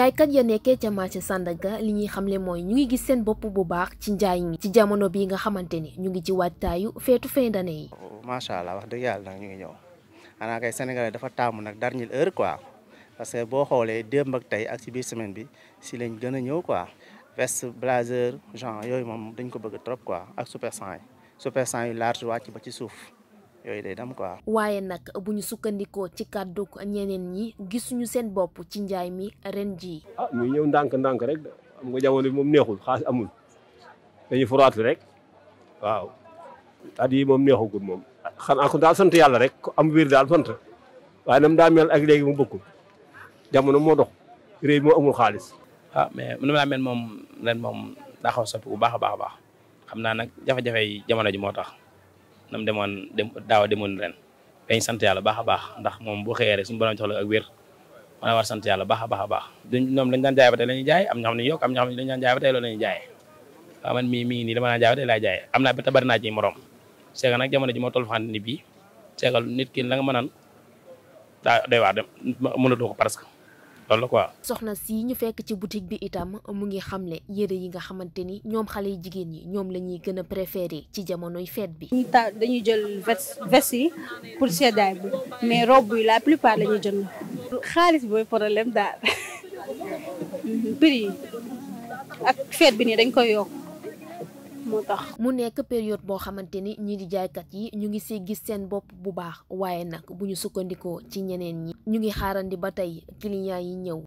jaaykat ya nekkee ca marché Sandaga li ñuy xamle mooy ñu ngi gis seen bopp bu baax ci njaay mi ci jamono bii nga xamante ni ñu ngi ci waajtaayu feetu fin d'année yi. Oh, macha allah wax dëgg yàlla nag ñu ngi ñëw xanaa kay sénégalais dafa taamu nag dernière heure quoi parce que boo xoolee démb ak tey ak si biir semaine bi si lañ gën a ñëw quoi veste blazer genre yooyu moom dañ ko bëgg trop quoi ak super 100 yi super 100 yu large wàcc ba ci suuf. yooyu day dem waaye nag bu ñu sukkandikoo ci kàddu ñeneen ñi gisuñu seen bopp ci njaay mi ren ji ah ñu ñëw ndànk-ndànk rek am nga jamono moom neexul xaalis amul dañuy furaatu rek waaw at yi moom neexagul moom. xanaa ko daal sant yàlla rek am wér daal sant waaye nam daa mel ak léegi mu bokkul jamono moo dox réew moo amul xaalis. ah mais nu ma laa mel moom ren moom daa xaw soppi bu baax a baax a baax xam naa nag jafe-jafe yi jamono ji moo tax. nam demoon dem daaw demoon ren dañ sant yàlla baax a baax ndax moom bu xëyee rek suñu borom jox la ak wér mën a war sant yàlla baax a baax a baax duñ ñoom lañ daan jaay ba jaay am ñoo xam ne yokk am ñoo xam ne dañ daan jaay ba tey loolu la ñuy jaay waaw man mii mi ngi nii dama daan jaay jaay am naa ba tabari naa ci morom nag jamono ji moo toll fànn ni bii seegal nit ki la nga mënan daa doy waar dem mënatoo ko presque loolu la soxna si ñu fekk ci boutique bi itam mu ngi xamle yére yi nga xamante ni ñoom xale yu jigéen ñi ñoom la ñuy gën a préféré ci jamonoy fête bi. ñu ta dañuy jël veste yi pour seddaay bi mais robe yi la plupart la ñuy jënd. xaalis booy problème daal prix yi ak feet bi nii dañ koy yokk. mu nekk période boo xamante ni ñii di jaaykat yi ñu ngi siy gis seen bopp bu baax waaye nag bu ñu sukkandikoo ci ñeneen ñi ñu ngi xaarandi ba tey client yi ñëw.